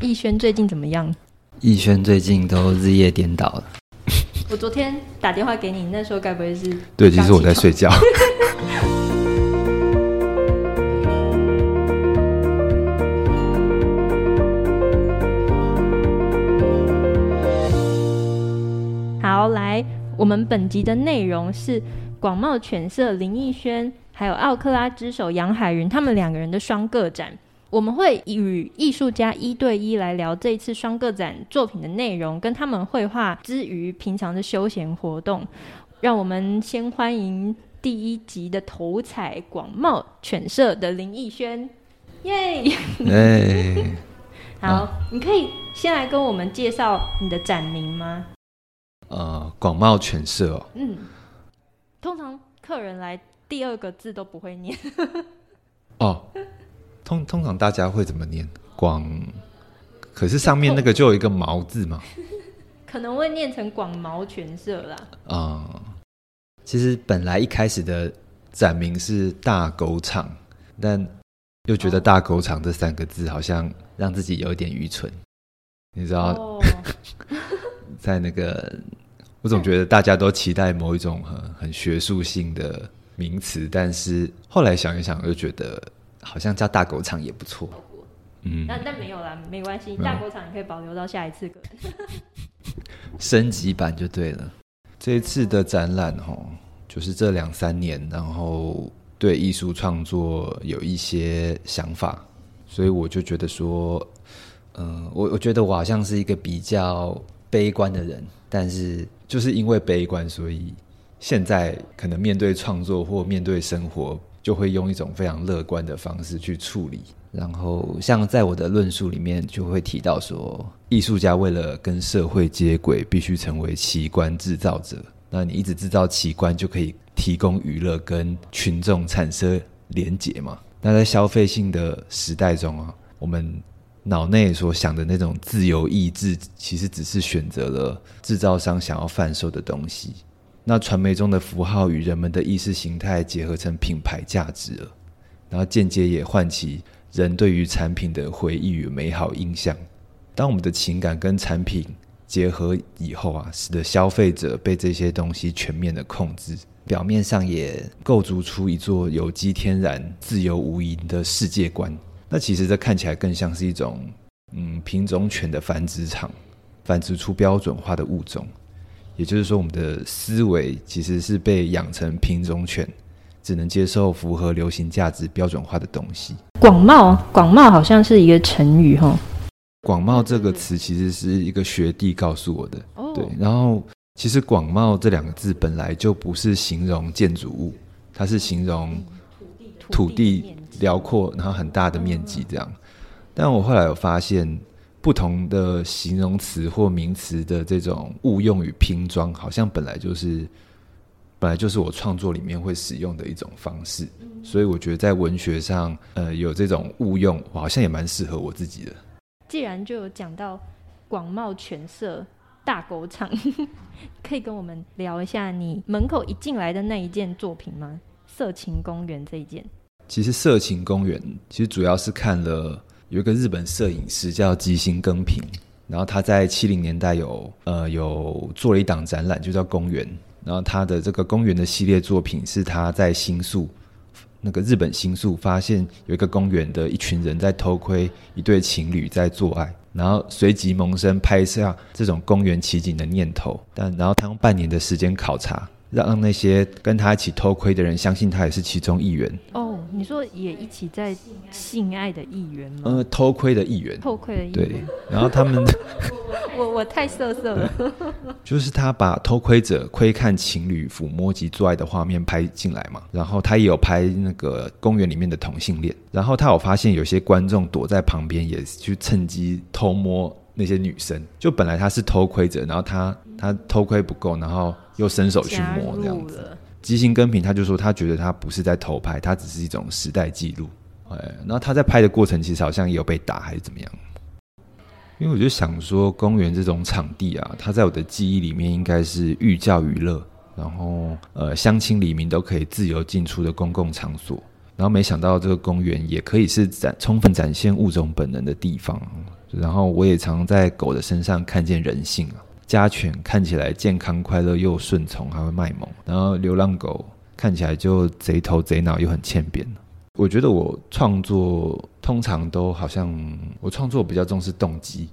弈軒最近怎麼樣？弈軒最近都日夜顛倒了。 我昨天打電話給你，那時候該不會是……對，其實我在睡覺。 好，來，我們本集的內容是廣袤犬舍林弈軒，還有奧克拉之手楊海云，他們兩個人的雙個展。我們會與藝術家一對一來聊這一次雙個展作品的內容，跟他們繪畫之餘平常的休閒活動。讓我們先歡迎第一集的頭彩廣袤犬舍的林弈軒，耶、yeah! 欸！ 好，啊、你可以先來跟我們介紹你的展名嗎？呃，廣袤犬舍。嗯，通常客人來第二個字都不會念。 哦。通通常大家會怎麼念“廣”？可是上面那個就有一個“毛”字嘛，可能會念成“廣毛犬舍”啦。啊、嗯，其實本來一開始的展名是“大狗場”，但又覺得“大狗場”這三個字好像讓自己有點愚蠢。你知道，哦、 在那個，我總覺得大家都期待某一種很很學術性的名詞，但是後來想一想，又覺得。好像叫大狗場也不錯，嗯，那但，但沒有啦，沒關係。有大狗場你可以保留到下一次。 升級版就對了。這一次的展覽，吼，就是這兩三年，然後對藝術創作有一些想法，所以我就覺得說，嗯、呃，我我覺得我好像是一個比較悲觀的人，但是就是因為悲觀，所以現在可能面對創作或面對生活。就會用一種非常樂觀的方式去處理。然後，像在我的論述裡面，就會提到說，藝術家為了跟社會接軌，必須成為奇觀制造者。那你一直制造奇觀，就可以提供娛樂跟群眾產生連結嘛？那在消費性的時代中啊，我們腦內所想的那種自由意志，其實只是選擇了制造商想要販售的東西。那傳媒中的符號與人們的意識形態結合成品牌價值了，然後間接也喚起人對於產品的回憶與美好印象。當我們的情感跟產品結合以後啊，使得消費者被這些東西全面的控制。表面上也構築出一座有機、天然、自由、無垠的世界觀。那其實這看起來更像是一種，嗯，品種犬的繁殖場，繁殖出標準化的物種。也就是說，我們的思維其實是被養成品種犬，只能接受符合流行價值標準化的東西。廣袤，廣袤好像是一個成語哈、哦。廣袤這個詞其實是一個學弟告訴我的，對。然後其實“廣袤”這兩個字本來就不是形容建築物，它是形容土地遼闊，然後很大的面積這樣。但我後來有發現。不同的形容詞或名詞的這種誤用與拼裝，好像本來就是，本來就是我創作裡面會使用的一種方式。嗯、所以我覺得在文學上，呃，有這種誤用，好像也蠻適合我自己的。既然就有講到廣袤犬舍大狗場， 可以跟我們聊一下你門口一進來的那一件作品嗎？色情公園這一件。其實色情公園，其實主要是看了。有一個日本攝影師叫吉星耕平，然後他在七零年代有呃有做了一檔展覽，就叫公園。然後他的這個公園的系列作品是他在新宿那個日本新宿發現有一個公園的一群人在偷窺一對情侶在做愛，然後隨即萌生拍攝這種公園奇景的念頭。但然後他用半年的時間考察，讓那些跟他一起偷窺的人相信他也是其中一員。Oh. 你說也一起在性愛的議員嗎？呃，偷窺的議員，偷窺的議員，對。 然後他們 我，我我太色色了。就是他把偷窺者窺看情侶撫摸及做愛的畫面拍進來嘛，然後他也有拍那個公園裡面的同性戀，然後他有發現有些觀眾躲在旁邊，也去趁機偷摸那些女生。就本來他是偷窺者，然後他他偷窺不夠，然後又伸手去摸這樣子。即興跟拍，他就說他覺得他不是在偷拍，他只是一種時代記錄。哎，然後他在拍的過程其實好像也有被打還是怎麼樣？因為我就想說，公園這種場地啊，它在我的記憶裡面應該是寓教於樂，然後呃，鄉親黎民都可以自由進出的公共場所。然後沒想到這個公園也可以是展充分展現物種本能的地方。然後我也常在狗的身上看見人性啊。家犬看起來健康、快樂又順從，還會賣萌；然後流浪狗看起來就賊頭賊腦又很欠扁。我覺得我創作通常都好像我創作比較重視動機，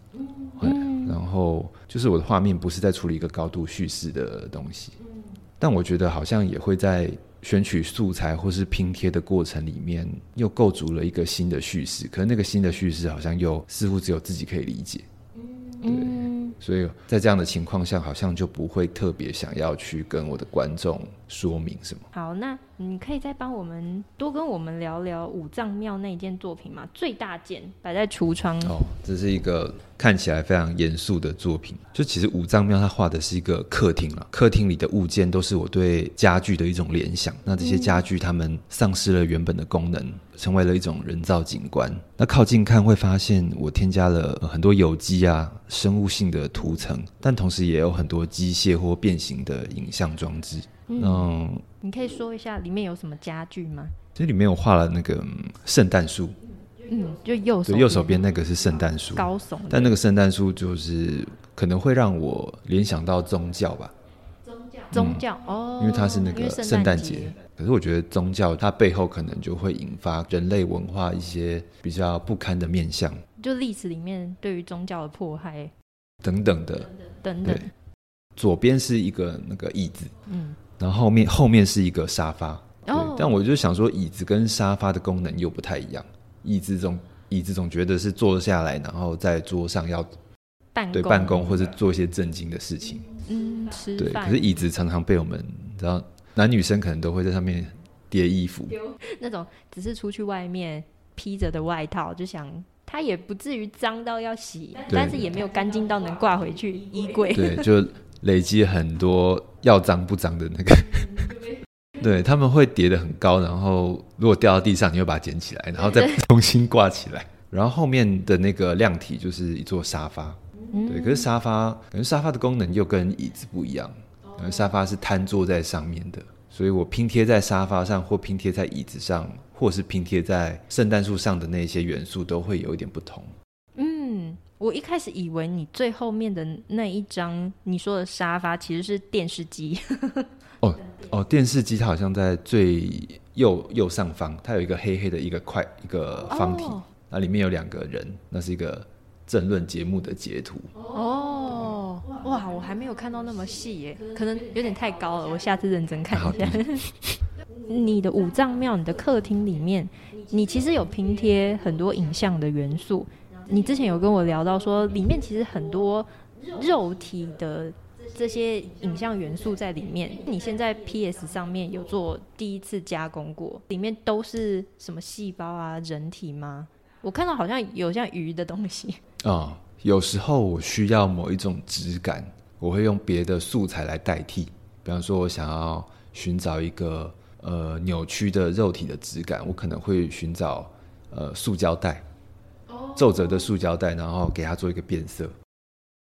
對，然後就是我的畫面不是在處理一個高度敘事的東西，但我覺得好像也會在選取素材或是拼貼的過程裡面，又構築了一個新的敘事。可是那個新的敘事好像又似乎只有自己可以理解，對。所以在這樣的情況下，好像就不會特別想要去跟我的觀眾。說明什麼？好，那你可以再幫我們多跟我們聊聊五臟廟那一件作品嗎？最大件擺在櫥窗哦，這是一個看起來非常嚴肅的作品。就其實五臟廟它畫的是一個客廳了，客廳裡的物件都是我對家具的一種聯想。那這些家具它們喪失了原本的功能，嗯、成為了一種人造景觀。那靠近看會發現我添加了很多有機啊生物性的塗層，但同時也有很多機械或變形的影像裝置。嗯嗯，你可以說一下裡面有什麼家具嗎？這裡面我畫了那個聖誕樹，嗯，就右手右手邊那個是聖誕樹，高聳。但那個聖誕樹就是可能會讓我聯想到宗教吧，宗教，宗教，哦，因為它是那個聖誕節。可是我覺得宗教它背後可能就會引發人類文化一些比較不堪的面向，就歷史裡面對於宗教的迫害等等的等等。對，左邊是一個那個義字。嗯。然後，後面後面是一個沙發，對哦，但我就想說，椅子跟沙發的功能又不太一樣。椅子總椅子總覺得是坐下來，然後在桌上要辦公，對，辦公或者做一些正經的事情。嗯，對。可是椅子常常被我們，然後男女生可能都會在上面疊衣服，那種只是出去外面披着的外套，就想它也不至於髒到要洗，但是也沒有乾淨到能掛回去衣櫃。對，就。累積很多要髒不髒的那個 對，對他們會疊得很高，然後如果掉到地上，你會把它撿起來，然後再重新掛起來。然後後面的那個量體就是一座沙發，對。可是沙發，可是沙發的功能又跟椅子不一樣。沙發是癱坐在上面的，所以我拼貼在沙發上，或拼貼在椅子上，或是拼貼在聖誕樹上的那些元素，都會有一點不同。我一開始以為你最後面的那一張你說的沙發其實是電視機。哦哦，電視機它好像在最右右上方，它有一個黑黑的一個塊一個方體，那、oh. 裡面有兩個人，那是一個政論節目的截圖。哦，哇，我還沒有看到那麼細耶，可能有點太高了，我下次認真看一下。 你的五臟廟，你的客廳裡面，你其實有拼貼很多影像的元素。你之前有跟我聊到說，裡面其實很多肉體的這些影像元素在裡面。你現在 PS 上面有做第一次加工過，裡面都是什麼細胞啊、人體嗎？我看到好像有像魚的東西。啊、嗯，有時候我需要某一種質感，我會用別的素材來代替。比方說，我想要尋找一個呃扭曲的肉體的質感，我可能會尋找呃塑膠袋。皺褶的塑膠袋，然後給它做一個變色。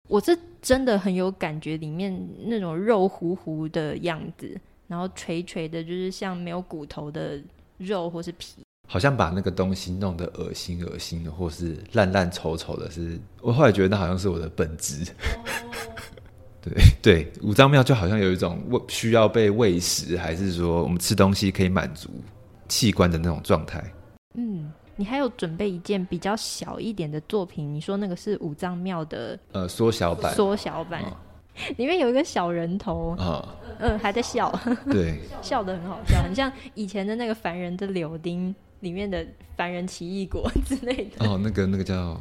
我是真的很有感覺，裡面那種肉乎乎的樣子，然後垂垂的，就是像沒有骨頭的肉或是皮。好像把那個東西弄得噁心噁心的，或是爛爛醜醜，醜的是。是我後來覺得，那好像是我的本質，oh. 對對，五臟廟就好像有一種需要被餵食，還是說我們吃東西可以滿足器官的那種狀態？嗯。你還有準備一件比較小一點的作品，你說那個是五藏廟的呃縮小版，縮、呃、小版，哦、裡面有一個小人頭，嗯、哦呃，還在笑，對，笑得很好笑，很像以前的那個凡人的柳丁裡面的凡人奇異果之類的。哦，那個那個叫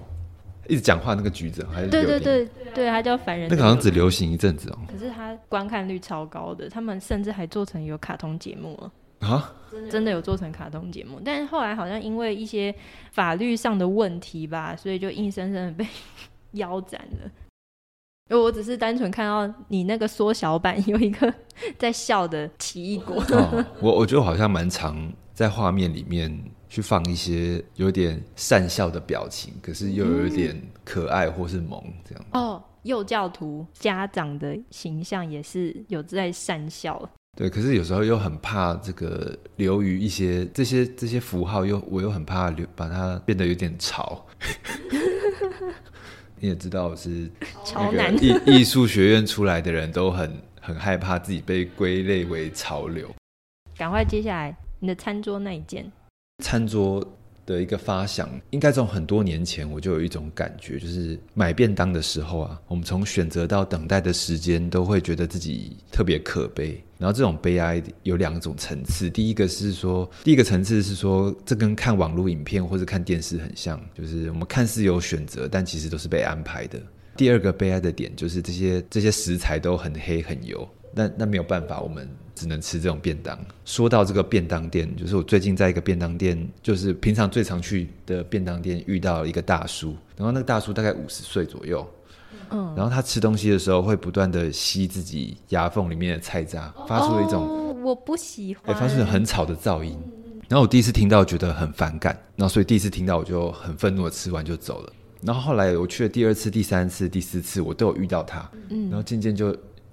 一直講話那個橘子，還是對對對對，啊、對，它叫凡人，那個好像只流行一陣子哦，可是它觀看率超高的，他們甚至還做成有卡通節目了。啊，真的有做成卡通節目，但是後來好像因為一些法律上的問題吧，所以就硬生生的被 腰斬了。因為我只是單純看到你那個縮小版有一個 在笑的奇異果，哦、我我覺得好像蠻常在畫面裡面去放一些有點善笑的表情，可是又有點可愛或是萌這樣、嗯。哦，幼教徒家長的形象也是有在善笑。對，可是有時候又很怕這個流於一些這些這些符號又，又我又很怕流把它變得有點潮。 你也知道我是潮男，難藝藝術學院出來的人都很很害怕自己被歸類為潮流。趕快，接下來你的餐桌那一件。餐桌。的一個發想，應該從很多年前我就有一種感覺，就是買便當的時候啊，我們從選擇到等待的時間，都會覺得自己特別可悲。然後這種悲哀有兩種層次，第一個是說，第一個層次是說，這跟看網絡影片或是看電視很像，就是我們看似有選擇，但其實都是被安排的。第二個悲哀的點就是這些這些食材都很黑很油，那那沒有辦法，我們。只能吃這種便當。說到這個便當店，就是我最近在一個便當店，就是平常最常去的便當店，遇到了一個大叔。然後那個大叔大概五十歲左右，嗯，然後他吃東西的時候會不斷的吸自己牙縫裡面的菜渣，發出了一種、哦、我不喜歡、欸，發出很吵的噪音。然後我第一次聽到覺得很反感，然後所以第一次聽到我就很憤怒的吃完就走了。然後後來我去了第二次、第三次、第四次，我都有遇到他，嗯，然後漸漸就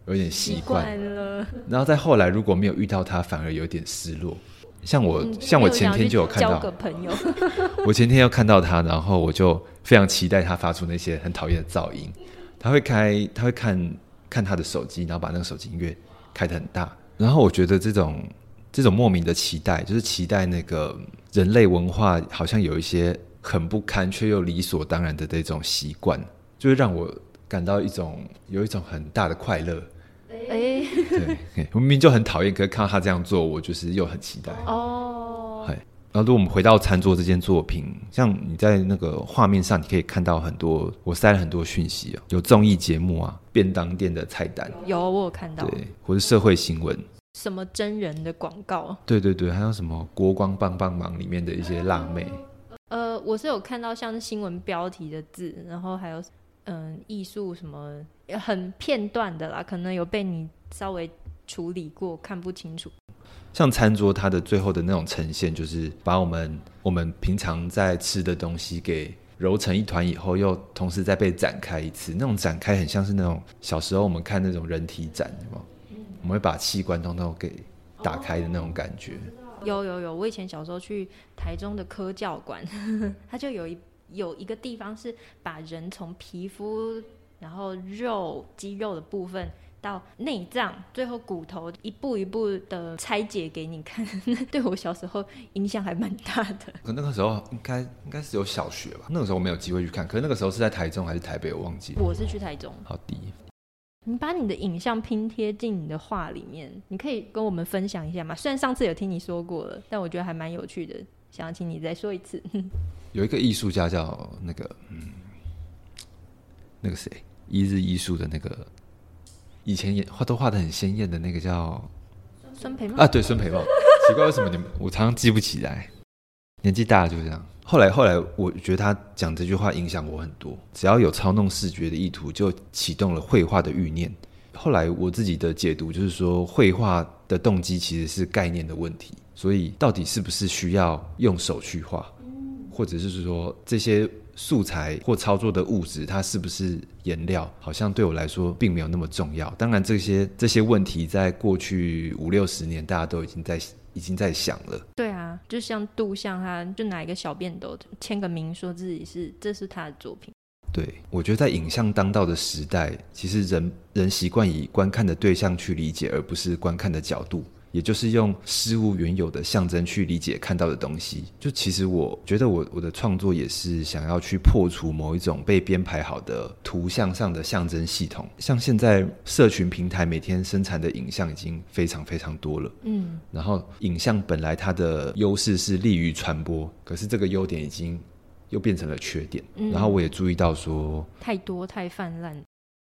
有點習慣了。嗯然後再後來，如果沒有遇到他，反而有點失落。像我，嗯、像我前天就有看到我，有要 我前天又看到他，然後我就非常期待他發出那些很討厭的噪音。他會開，他會看看他的手機，然後把那個手機音樂開得很大。然後我覺得這種這種莫名的期待，就是期待那個人類文化好像有一些很不堪卻又理所當然的這種習慣，就會、是、讓我感到一種有一種很大的快樂。哎、欸， 對，我明明就很討厭，可是看到他這樣做，我就是又很期待哦。然後如果我們回到餐桌這件作品，像你在那個畫面上，你可以看到很多，我塞了很多訊息喔，有綜藝節目啊，便當店的菜單，有我有看到，對，或是社會新聞，什麼真人的廣告，對對對，還有什麼國光幫幫忙裡面的一些辣妹，呃，我是有看到像是新聞標題的字，然後還有。嗯，藝術什麼很片段的啦，可能有被你稍微處理過，看不清楚。像餐桌，它的最後的那種呈現，就是把我們我們平常在吃的東西給揉成一團以後，又同時再被展開一次。那種展開很像是那種小時候我們看那種人體展有沒有，嗯、我們會把器官通通給打開的那種感覺。哦、有有有，我以前小時候去台中的科教館，它就有一。有一個地方是把人從皮膚，然後肉、肌肉的部分到內臟，最後骨頭，一步一步的拆解給你看， 對我小時候影響還蠻大的。可那個時候應該應該是有小學吧？那個時候我沒有機會去看。可是那個時候是在台中還是台北？我忘記。我是去台中。好的，你把你的影像拼貼進你的畫裡面，你可以跟我們分享一下嗎？雖然上次有聽你說過了，但我覺得還蠻有趣的。想請你再說一次。有一個藝術家叫那個，嗯、那個誰，一日藝術的那個，以前也畫都畫得很鮮豔的那個叫孫培茂啊，對，孫培茂， 奇怪為什麼你們我常常記不起來？年紀大了就這樣。後來後來，我覺得他講這句話影響我很多，只要有操弄視覺的意圖，就啟動了繪畫的欲念。後來我自己的解讀就是說，繪畫的動機其實是概念的問題。所以，到底是不是需要用手去畫，嗯，或者是說這些素材或操作的物質，它是不是顏料，好像對我來說並沒有那麼重要。當然，這些這些問題在過去五六十年，大家都已經在已經在想了。對啊，就像杜象，他就拿一個小便斗簽個名，說自己是這是他的作品。對，我覺得在影像當道的時代，其實人人習慣以觀看的對象去理解，而不是觀看的角度。也就是用事物原有的象徵去理解看到的東西，就其實我覺得我我的創作也是想要去破除某一種被編排好的圖像上的象徵系統。像現在社群平台每天生產的影像已經非常非常多了，嗯，然後影像本來它的優勢是利於傳播，可是這個優點已經又變成了缺點。嗯，然後我也注意到說，太多太泛濫。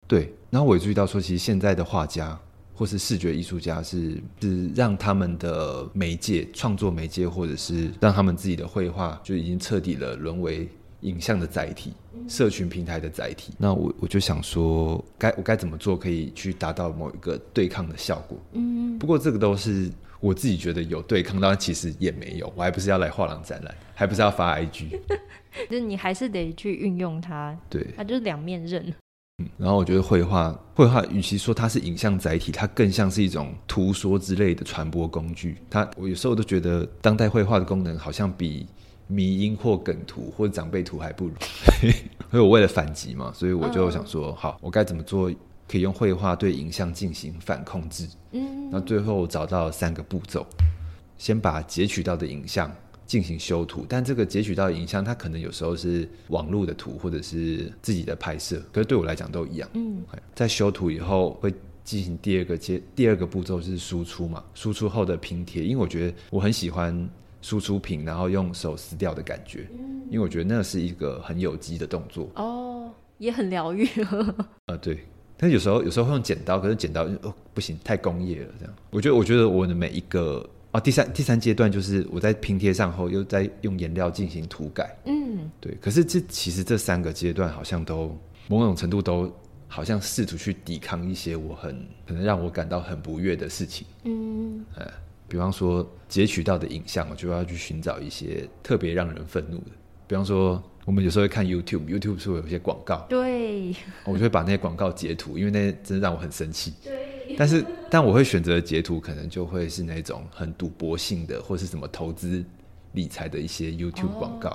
對，然後我也注意到說，其實現在的畫家。或是視覺藝術家是是讓他們的媒介創作媒介，或者是讓他們自己的繪畫就已經徹底的淪為影像的載體、嗯、社群平台的載體。那我我就想說，該我該怎麼做可以去達到某一個對抗的效果？嗯，不過這個都是我自己覺得有對抗，但其實也沒有。我還不是要來畫廊展覽，還不是要發 IG？ 就你還是得去運用它，對，它就是兩面刃。嗯，然後我覺得繪畫，繪畫與其說它是影像載體，它更像是一種圖說之類的傳播工具。它，我有時候都覺得當代繪畫的功能好像比迷因或梗圖或者長輩圖還不如。所 以我為了反擊嘛，所以我就想說，好，我該怎麼做可以用繪畫對影像進行反控制？嗯，那最後我找到了三個步驟，先把截取到的影像，進行修圖，但這個截取到影像，它可能有時候是網絡的圖，或者是自己的拍攝，可是對我來講都一樣。嗯，在修圖以後，會進行第二個接第二個步驟，就是輸出嘛。輸出後的拼貼，因為我覺得我很喜歡輸出品，然後用手撕掉的感覺，嗯、因為我覺得那是一個很有機的動作。哦，也很療癒。啊、 呃，對，但有時候有時候會用剪刀，可是剪刀哦不行，太工業了。這樣，我覺得我覺得我的每一個。哦，第三第三階段就是我在拼貼上後，又在用顏料進行塗改。嗯，對。可是這其實這三個階段好像都某種程度都好像試圖去抵抗一些我很可能讓我感到很不悅的事情。嗯，呃，比方說截取到的影像，我就要去尋找一些特別讓人憤怒的。比方說我們有時候會看 YouTube，YouTube 是會有一些廣告，對，哦，我就會把那些廣告截圖，因為那些真的讓我很生氣。對。但是，但我會選擇的截圖，可能就會是那種很賭博性的，或是什麼投資理財的一些 YouTube 廣告。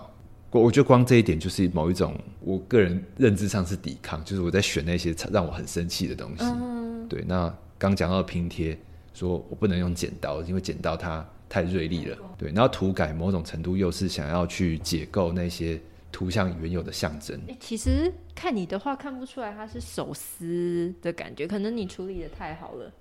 Oh. 我覺得光這一點，就是某一種我個人認知上是抵抗，就是我在選那些讓我很生氣的東西。Oh. 對，那剛講到拼貼，說我不能用剪刀，因為剪刀它太銳利了。對，然後塗改，某種程度又是想要去解構那些。圖像原有的象徵。誒，其實看你的話，看不出來它是手撕的感覺，可能你處理的太好了。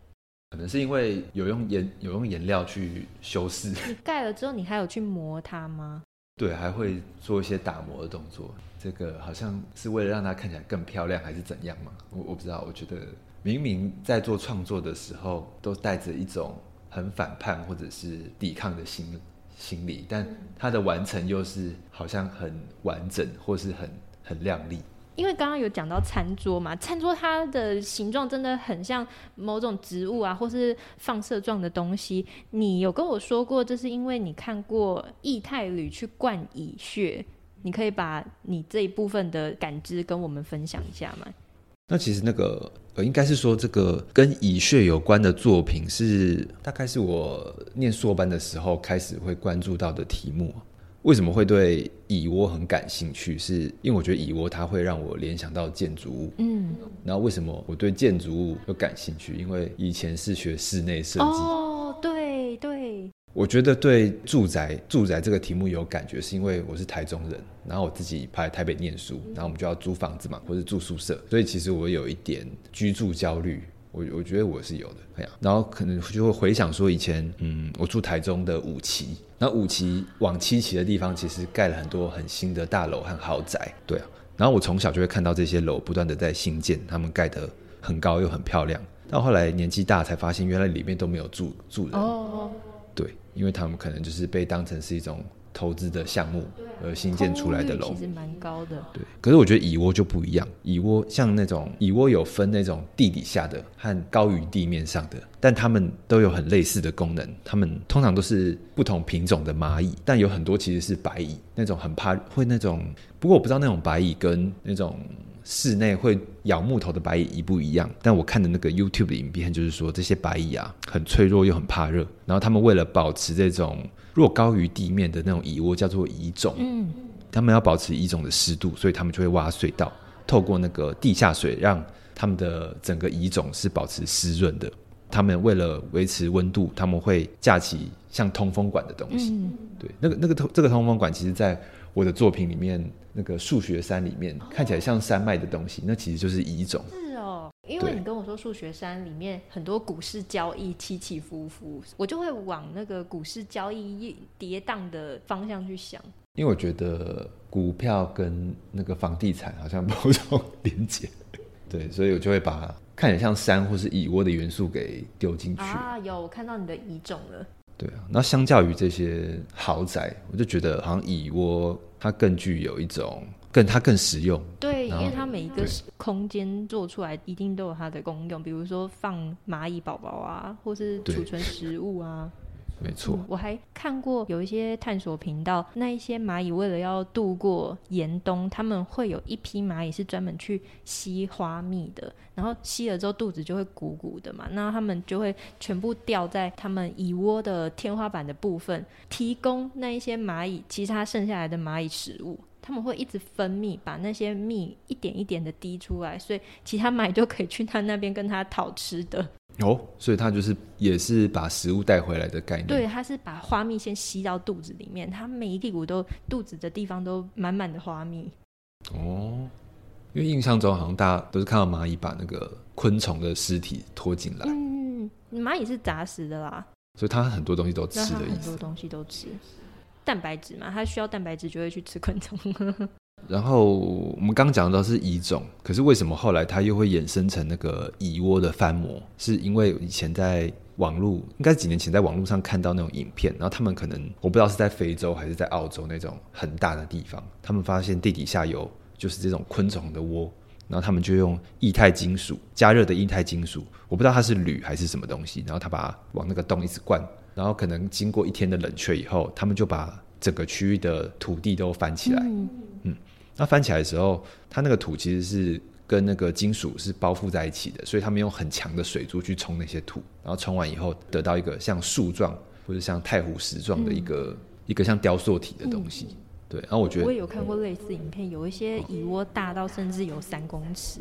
可能是因為有用顏有用顏料去修飾。你蓋了之後，你還有去磨它嗎？對，還會做一些打磨的動作。這個好像是為了讓它看起來更漂亮，還是怎樣嘛？我我不知道。我覺得明明在做創作的時候，都帶着一種很反叛或者是抵抗的心理。行李，但它的完成又是好像很完整，或是很很亮麗。因為剛剛有講到餐桌嘛，餐桌它的形狀真的很像某種植物啊，或是放射狀的東西。你有跟我說過，這是因為你看過液態鋁去灌蟻穴，你可以把你這一部分的感知跟我們分享一下嗎？那其實那個呃，應該是說，這個跟蟻穴有關的作品是，大概是我念碩班的時候開始會關注到的題目。為什麼會對蟻窩很感興趣？是因為我覺得蟻窩它會讓我聯想到建築物。嗯，那為什麼我對建築物又感興趣？因為以前是學室內設計。哦，對對。我覺得對住宅住宅這個題目有感覺，是因為我是台中人，然後我自己派台北念書，然後我們就要租房子嘛，或是住宿舍，所以其實我有一點居住焦慮，我我覺得我是有的，啊。然後可能就會回想說以前，嗯，我住台中的五期，那五期往七期的地方，其實蓋了很多很新的大樓和豪宅。對啊，然後我從小就會看到這些樓不斷的在新建，他們蓋得很高又很漂亮，到後來年紀大才發現，原來裡面都沒有住住人。Oh. 對，因為他們可能就是被當成是一種投資的項目，而新建出來的樓其實蠻高的。對，可是我覺得蟻窩就不一樣，蟻窩像那種蟻窩有分那種地底下的和高於地面上的，但他們都有很類似的功能。他們通常都是不同品種的螞蟻，但有很多其實是白蟻，那種很怕會那種，不過我不知道那種白蟻跟那種。室內會咬木頭的白蟻一不一樣？但我看的那個 YouTube 的影片，就是說這些白蟻啊很脆弱又很怕熱，然後他們為了保持這種若高於地面的那種蟻窩叫做蟻塚，嗯、他們要保持蟻塚的濕度，所以他們就會挖隧道，透過那個地下水，讓他們的整個蟻塚是保持濕潤的。他們為了維持溫度，他們會架起像通風管的東西，嗯、對，那個那個通這個通風管，其實，在我的作品裡面。那個數學山裡面看起來像山脈的東西，哦、那其實就是蟻冢是哦，因為你跟我說數對學山裡面很多股市交易起起伏伏，我就會往那個股市交易跌宕的方向去想。因為我覺得股票跟那個房地產好像某種連接，對，所以我就會把看起來像山或是蟻窩的元素給丟進去。啊，有，我看到你的蟻冢了。對啊，那相較於這些豪宅，我就覺得好像蟻窩它更具有一種更它更實用。對，因為它每一個空間做出來一定都有它的功用，對比如說放螞蟻寶寶啊，或是儲存食物啊。對 沒錯、嗯，我還看過有一些探索頻道，那一些螞蟻為了要度過嚴冬，他們會有一批螞蟻是專門去吸花蜜的，然後吸了之後肚子就會鼓鼓的嘛，那他們就會全部吊在他們蟻窩的天花板的部分，提供那一些螞蟻，其他剩下來的螞蟻食物，他們會一直分泌，把那些蜜一點一點的滴出來，所以其他螞蟻就可以去他那邊跟他討吃的。哦，所以他就是也是把食物帶回來的概念。對，他是把花蜜先吸到肚子裡面，他每一屁股都肚子的地方都滿滿的花蜜。哦，因為印象中好像大家都是看到螞蟻把那個昆蟲的屍體拖進來。嗯，螞蟻是雜食的啦，所以他很多東西都吃的意思。很多東西都吃，蛋白質嘛，他需要蛋白質就會去吃昆蟲。 然後我們剛剛講到是蟻塚，可是為什麼後來它又會衍生成那個蟻窩的翻模？是因為以前在網路，應該幾年前在網路上看到那種影片，然後他們可能，我不知道是在非洲還是在澳洲那種很大的地方，他們發現地底下有就是這種昆蟲的窩，然後他們就用液態金屬，加熱的液態金屬，我不知道它是鋁還是什麼東西，然後他把往那個洞一直灌，然後可能經過一天的冷卻以後，他們就把整個區域的土地都翻起來。嗯那翻起來的時候，它那個土其實是跟那個金屬是包覆在一起的，所以他們用很強的水柱去沖那些土，然後沖完以後得到一個像樹狀或者像太湖石狀的一個、嗯、一個像雕塑體的東西。嗯、對，然後我覺得我也有看過類似影片，嗯、有一些蟻窩大到甚至有三公尺，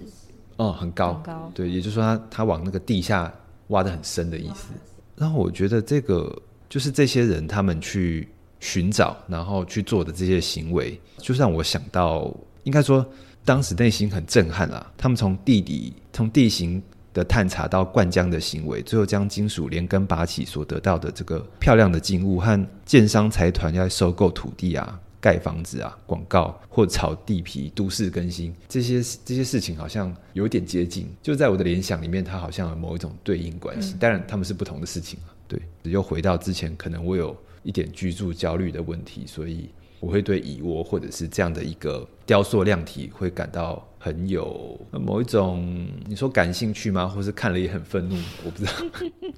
嗯，很高，很高。對，也就是說它它往那個地下挖得很深的意思。哦、然後我覺得這個就是這些人他們去。尋找，然後去做的這些行為，就讓我想到，應該說當時內心很震撼了、啊。他們從地底、從地形的探查到灌漿的行為，最後將金屬連根拔起所得到的這個漂亮的金物，和建商財團要收購土地啊、蓋房子啊、廣告或炒地皮、都市更新這些這些事情，好像有點接近。就在我的聯想裡面，它好像有某一種對應關係。嗯、當然，他們是不同的事情了、啊。對，又回到之前，可能我有。一點居住焦慮的問題，所以我會對蟻窩或者是這樣的一個雕塑量體會感到很有某一種，你說感興趣嗎？或是看了也很憤怒？ 我不知道，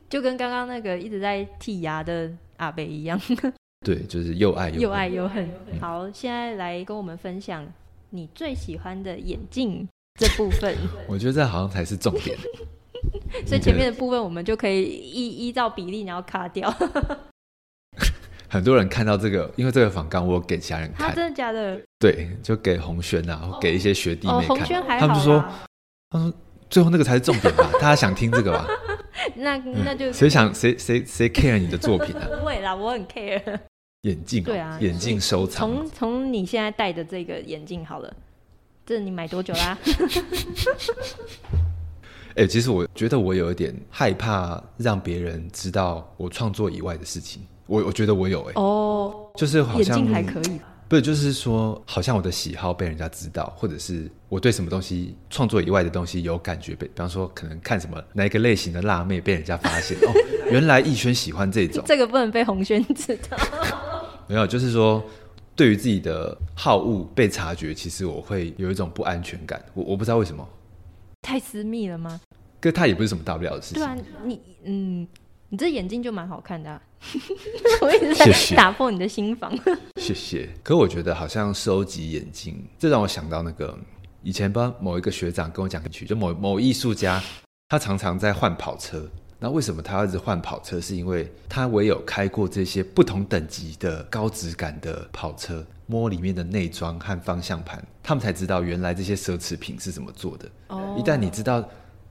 就跟剛剛那個一直在剔牙的阿北一樣，對，就是又愛又恨，又愛又恨、嗯、好。現在來跟我們分享你最喜歡的眼鏡這部分， 我覺得這好像才是重點， 所以前面的部分我們就可以依依照比例然後卡掉。 很多人看到這個，因為這個訪綱我給其他人看，啊，真的假的？對，就給紅軒吶，哦、給一些學弟妹看。哦洪還啊、他們就說：“他說最後那個才是重點吧， 大家想聽這個吧？”那、嗯、那就誰、是、想誰誰誰 care 你的作品呢、啊？不 會啦，我很 care 眼鏡、啊，對啊，眼鏡收藏、啊。從從你現在戴的這個眼鏡好了，這你買多久啦？哎、 欸，其實我覺得我有一點害怕讓別人知道我創作以外的事情。我我覺得我有哎、欸，哦，oh, 就是好像眼睛還可以吧？不，就是說好像我的喜好被人家知道，或者是我對什麼東西創作以外的東西有感覺被，被比方說可能看什麼哪一個類型的辣妹被人家發現 哦，原來弈軒喜歡這種， 這個不能被紅軒知道。 沒有，就是說對於自己的好惡被察覺，其實我會有一種不安全感。我我不知道為什麼，太私密了嗎？跟，他也不是什麼大不了的事情。對啊，你嗯。你這眼鏡就蠻好看的啊， 我一直在打破你的心防，謝謝，謝謝。可我覺得好像收集眼鏡，這讓我想到那個以前吧，某一個學長跟我講一句，就某某藝術家，他常常在換跑車。那為什麼他一直換跑車？是因為他唯有開過這些不同等級的高質感的跑車，摸裡面的內裝和方向盤，他們才知道原來這些奢侈品是怎麼做的。Oh. 一旦你知道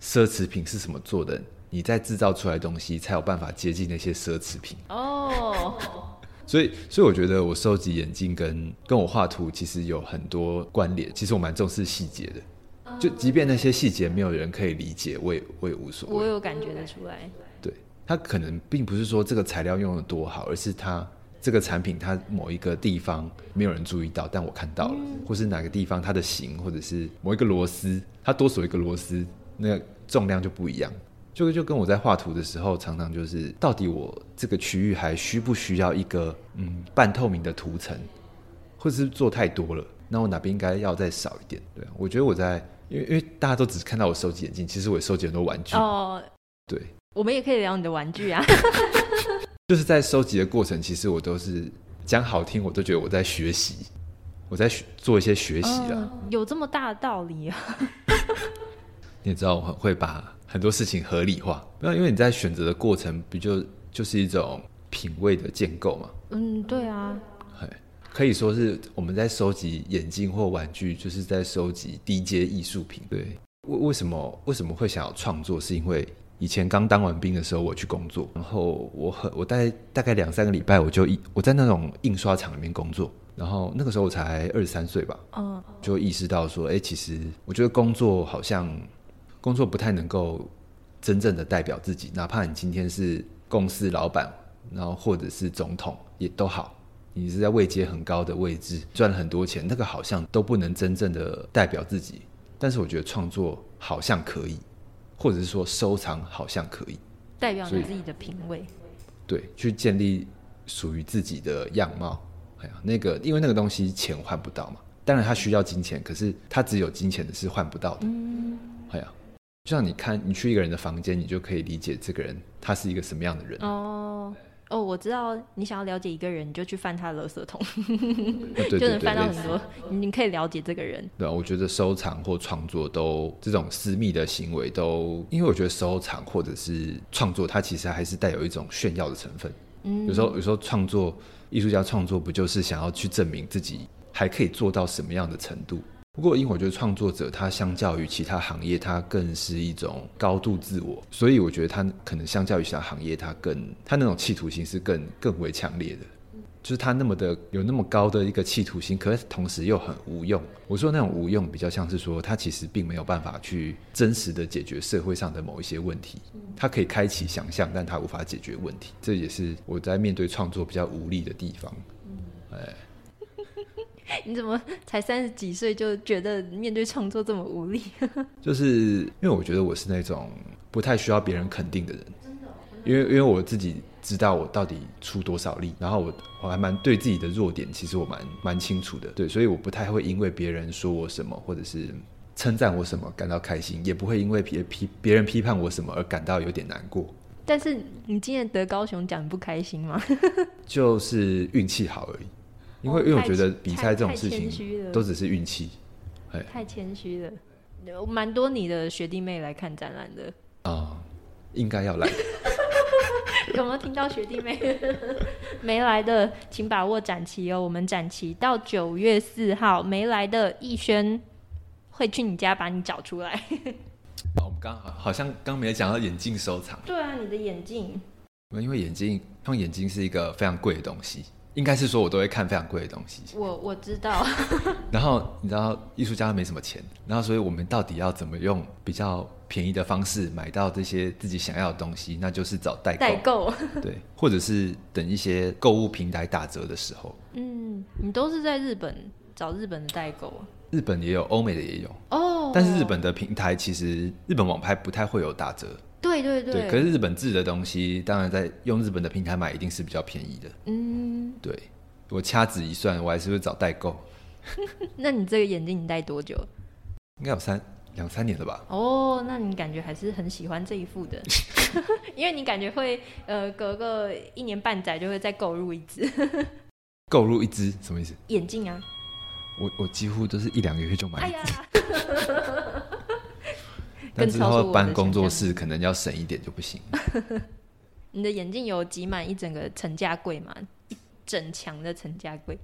奢侈品是怎麼做的。你在製造出來的東西，才有辦法接近那些奢侈品哦。Oh. 所以，所以我覺得我收集眼鏡跟跟我畫圖其實有很多關聯。其實我蠻重視細節的，就即便那些細節沒有人可以理解，我也我也無所謂。我有感覺得出來。對，他可能並不是說這個材料用得多好，而是它這個產品，它某一個地方沒有人注意到，但我看到了，嗯、或是哪個地方它的型，或者是某一個螺絲，它多鎖一個螺絲，那個重量就不一樣。就就跟我在畫圖的時候，常常就是到底我這個區域還需不需要一個嗯半透明的圖層，或是做太多了，那我哪邊應該要再少一點？對，我覺得我在，因為因為大家都只看到我收集眼鏡，其實我也收集很多玩具哦。對，我們也可以聊你的玩具啊。 就是在收集的過程，其實我都是講好聽，我都覺得我在學習，我在學做一些學習啦、哦。有這麼大的道理啊？ 你也知道我很會把。很多事情合理化，不要因為你在選擇的過程比，不就就是一種品味的建構嘛。嗯，對啊。哎，可以說是我們在收集眼鏡或玩具，就是在收集低階藝術品。對，為為什麼為什麼會想要創作？是因為以前剛當完兵的時候，我去工作，然後我很我待大，大概兩三個禮拜，我就一我在那種印刷廠裡面工作，然後那個時候我才二十三歲吧，嗯，就意識到說，哎，其實我覺得工作好像。工作不太能夠真正的代表自己，哪怕你今天是公司老闆，然後或者是總統也都好，你是在位階很高的位置賺了很多錢，那個好像都不能真正的代表自己。但是我覺得創作好像可以，或者是說收藏好像可以代表你自己的品味，對，去建立屬於自己的樣貌。哎呀，那個因為那個東西錢換不到嘛，當然它需要金錢，可是它只有金錢的是換不到的。嗯，哎呀、嗯。就像你看，你去一個人的房間，你就可以理解這個人他是一個什麼樣的人。哦哦，我知道你想要了解一個人，你就去翻他的垃圾桶， 就能翻到很多，你可以了解這個人。對啊，我覺得收藏或創作都這種私密的行為都，因為我覺得收藏或者是創作，它其實還是帶有一種炫耀的成分。嗯，有，有時候有時候創作，藝術家創作不就是想要去證明自己還可以做到什麼樣的程度？不過，因為我覺得創作者他相較於其他行業，他更是一種高度自我，所以我覺得他可能相較於其他行業，他更他那種企圖心是更更為強烈的，就是他那麼的有那麼高的一個企圖心，可是同時又很無用。我說那種無用，比較像是說他其實並沒有辦法去真實的解決社會上的某一些問題，他可以開啟想象，但他無法解決問題。這也是我在面對創作比較無力的地方。嗯，哎你怎麼才三十幾歲就覺得面對創作這麼無力啊？就是因為我覺得我是那種不太需要別人肯定的人，因為因為我自己知道我到底出多少力，然後我我還蠻對自己的弱點，其實我蠻蠻清楚的。對，所以我不太會因為別人說我什麼，或者是稱讚我什麼感到開心，也不會因為別批別人批判我什麼而感到有點難過。但是你今天得高雄獎，不開心嗎？就是運氣好而已。因為因為我覺得比賽這種事情都只是運氣。哦，太謙虛了。有蠻多你的學弟妹來看展覽的哦。嗯，應該要來。 有沒有聽到學弟妹 沒來的，請把握展期哦。我們展期到九月四號，沒來的弈軒會去你家把你找出來。 好，我們剛好，好像剛沒講到眼鏡收藏。對啊，你的眼鏡。因為眼鏡因為眼鏡是一個非常貴的東西。應該是說，我都會看非常貴的東西。我我知道。然後你知道，藝術家沒什麼錢，然後所以我們到底要怎麼用比較便宜的方式買到這些自己想要的東西？那就是找代購代購，對，或者是等一些購物平台打折的時候。嗯，你都是在日本找日本的代購？日本也有，歐美的也有。哦，但是日本的平台其實日本網拍不太會有打折。對對對，對，可是日本製的東西，當然在用日本的平台買，一定是比較便宜的。嗯，對，我掐指一算，我還是會找代購。 那你這個眼鏡你戴多久？應該有三兩三年了吧？哦，那你感覺還是很喜歡這一副的。 因為你感覺會呃，隔個一年半載就會再購入一支。購 入一支什麼意思？眼鏡啊！我我幾乎都是一兩個月就買一支。哎呀 但之後搬工作室，可能要省一點就不行。你的眼鏡有擠滿一整個陳家櫃嗎？一整牆的陳家櫃。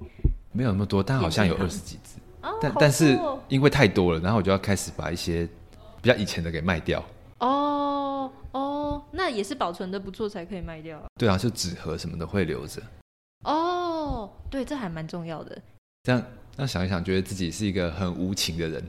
沒有那麼多，但好像有二十幾隻。但、哦哦、但是因為太多了，然後我就要開始把一些比較以前的給賣掉。哦哦，那也是保存得不錯才可以賣掉啊。對啊，就紙盒什麼的會留着。哦，對，這還蠻重要的。這樣，那想一想，覺得自己是一個很無情的人。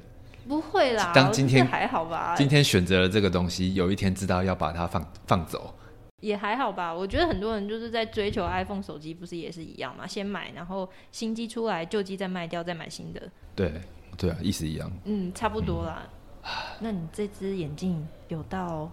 不會啦，當今天還好吧、欸？今天選擇了這個東西，有一天知道要把它放放走，也還好吧？我覺得很多人就是在追求 iPhone 手機，不是也是一樣嘛？嗯、先買，然後新機出來，舊機再賣掉，再買新的。對對啊，意思一樣。嗯，差不多啦。嗯、那你這隻眼鏡有到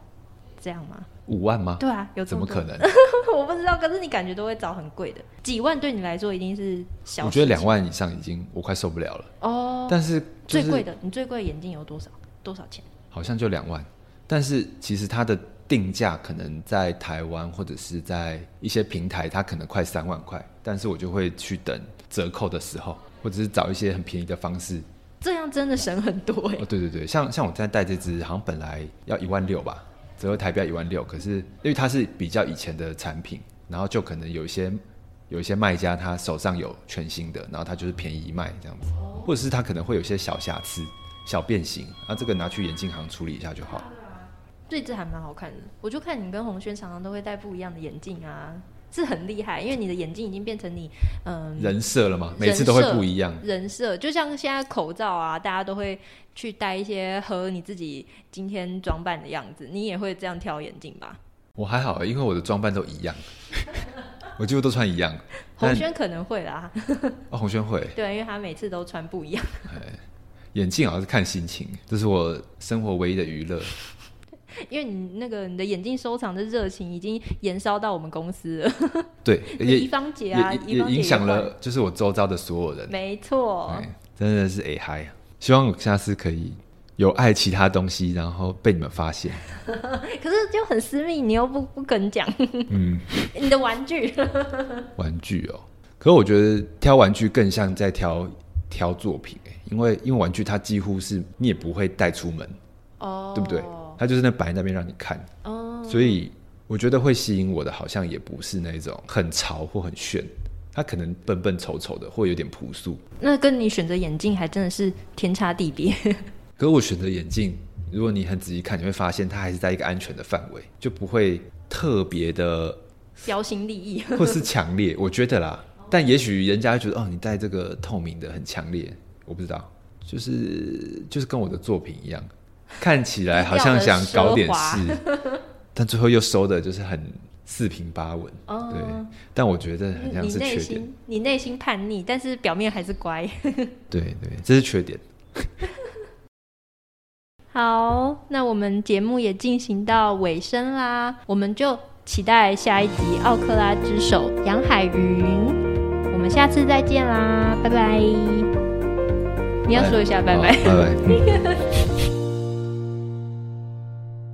這樣嗎？五萬嗎？對啊，有這麼多怎麼可能？ 我不知道，可是你感覺都會找很貴的，幾萬對你來說一定是小。我覺得兩萬以上已經我快受不了了哦。但是。就是、最貴的，你最貴的眼鏡有多少？多少錢？好像就兩萬，但是其實它的定價可能在台灣或者是在一些平台，它可能快三萬塊。但是我就會去等折扣的時候，或者是找一些很便宜的方式，這樣真的省很多、欸。哦，對對對，像像我在戴這隻，好像本來要一萬六吧，折合台幣一萬六，可是因為它是比較以前的產品，然後就可能有一些。有一些賣家，他手上有全新的，然後他就是便宜賣這樣子，或者是他可能會有些小瑕疵、小變形，啊，這個拿去眼鏡行處理一下就好。這隻還蠻好看的。我就看你跟紅軒常常都會戴不一樣的眼鏡啊，是很厲害，因為你的眼鏡已經變成你嗯、呃、人設了嘛，每次都會不一樣。人設就像現在口罩啊，大家都會去戴一些和你自己今天裝扮的樣子，你也會這樣挑眼鏡吧？我還好，因為我的裝扮都一樣。 我幾乎都穿一樣，紅軒洪軒 但可能會啦。啊、哦，洪軒會， 對，因為他每次都穿不一樣。 眼鏡好像是看心情，這是我生活唯一的娛樂。因為你那個你的眼鏡收藏的熱情已經延燒到我們公司了， 對，也，芳姐啊，也影響了就是我周遭的所有人。沒錯錯，真的是 a 嗨，希望我下次可以。有愛其他東西，然後被你們發現， 可是就很私密，你又不不肯講。 嗯， 你的玩具， 玩具哦，可是我覺得挑玩具更像在挑挑作品，因為因為玩具它幾乎是你也不會帶出門哦，oh. 對不對？它就是那擺那邊讓你看哦，oh. 所以我覺得會吸引我的好像也不是那種很潮或很炫，它可能笨笨醜醜的，或有點樸素。那跟你選擇眼鏡還真的是天差地別。 可我選擇眼鏡。如果你很仔細看，你會發現它還是在一個安全的範圍，就不會特別的標新立異或是強烈。我覺得啦，但也許人家會覺得哦，你戴這個透明的很強烈，我不知道。就是就是跟我的作品一樣，看起來好像想搞點事，但最後又收的，就是很四平八穩。嗯、對，但我覺得很像是缺點。你內心,你內心叛逆，但是表面還是乖。對對，這是缺點。好，那我們節目也進行到尾聲啦，我們就期待下一集《奧克拉之手》楊海云，我們下次再見啦，拜拜。Bye. 你要說一下拜拜，拜拜。